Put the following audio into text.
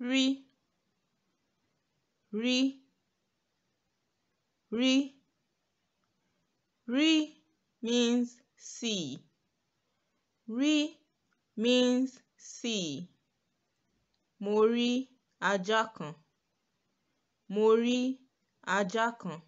rí rí rí rí means see rí means see mo rí ajá kan mo rí ajá kan